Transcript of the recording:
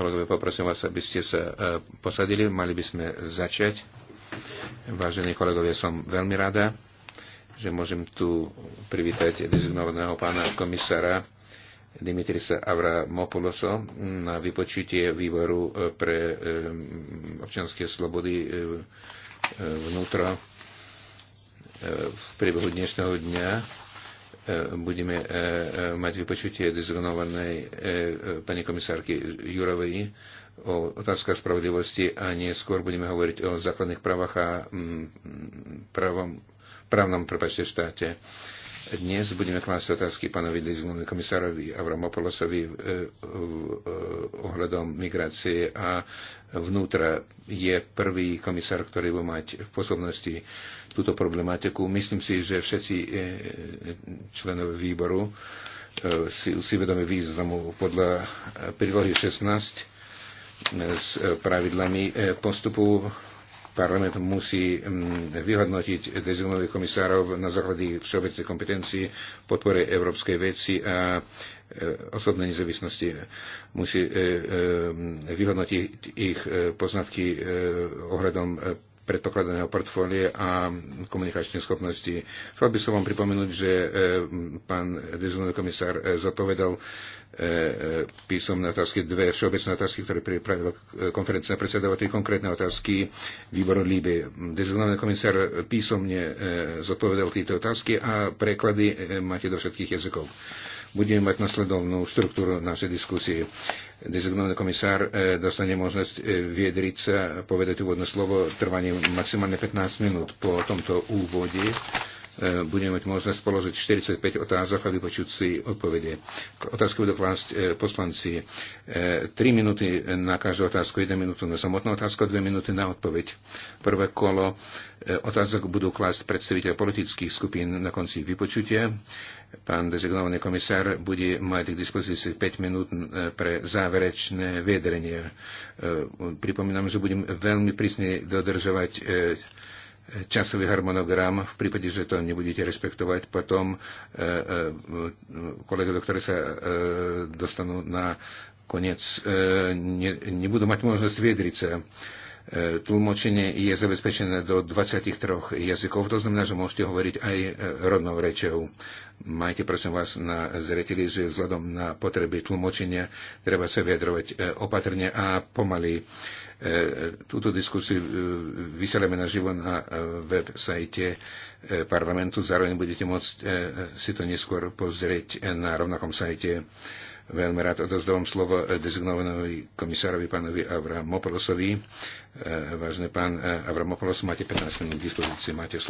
Kolegovia, poprosím vás, aby ste sa e, posadili. Mali by sme začať. Vážení kolegovia, som veľmi rada, že môžem tu privítať dezignovaného pána komisára Dimitrisa Avramopuloso na vypočutie výboru e, pre e, občanské slobody vnútro v priebehu dnešného dňa E, budeme e, e, mať vypočutie dezignovanej pani komisárky Jurovej o otázkach spravodlivosti a neskôr budeme hovoriť o základných právach a mm, mm, právom, právnom prepačte štáte. Dnes budeme klásť otázky pánovi Lizmovi komisárovi Avramopoulosovi e, e, ohľadom migrácie a vnútra je prvý komisár, ktorý bude mať v posobnosti túto problematiku. Myslím si, že všetci e, členové výboru si, si vedome významu podľa prílohy 16 s pravidlami postupu Parlament musí mm, vyhodnotiť dezignových komisárov na základe všeobecnej kompetencii, podpore európskej veci a e, osobnej nezávislosti. Musí e, e, mm, vyhodnotiť ich poznatky ohľadom predpokladaného portfólia a komunikačnej schopnosti. Chcel by som vám pripomenúť, že e, pán dezolný komisár e, zodpovedal e, písomné otázky, dve všeobecné otázky, ktoré pripravila konferencia predsedova, tri konkrétne otázky výboru líby. Dezolný komisár písomne zodpovedal tieto otázky a preklady máte do všetkých jazykov budeme mať nasledovnú štruktúru našej diskusie dezignovaný komisár e, dostane možnosť e, viedriť sa, povedať úvodné slovo trvaním maximálne 15 minút po tomto úvode. E, budeme mať možnosť položiť 45 otázok a vypočuť si odpovede. Otázky budú klásť e, poslanci 3 e, minúty na každú otázku, 1 minútu na samotnú otázku 2 minúty na odpoveď. Prvé kolo otázok budú klásť predstaviteľ politických skupín na konci vypočutia. Pán dezignovaný komisár bude mať k dispozícii 5 minút pre záverečné vedrenie. Pripomínam, že budem veľmi prísne dodržovať časový harmonogram. V prípade, že to nebudete rešpektovať, potom e, e, kolegovia, ktorí sa e, dostanú na koniec, nebudú mať možnosť viedriť sa. E, tlmočenie je zabezpečené do 23 jazykov, to znamená, že môžete hovoriť aj e, rodnou rečou. Majte prosím vás na zreteli, že vzhľadom na potreby tlmočenia treba sa vyjadrovať e, opatrne a pomaly. Túto diskusiu vysielame na živo na websajte parlamentu, zároveň budete môcť si to neskôr pozrieť na rovnakom sajte Veľmi rád odozdávam slovo eh, dezignovanovi komisárovi pánovi Avramopoulosovi. Eh, Vážne pán eh, Avramopoulos, máte 15 minút k dispozícii, máte slovo.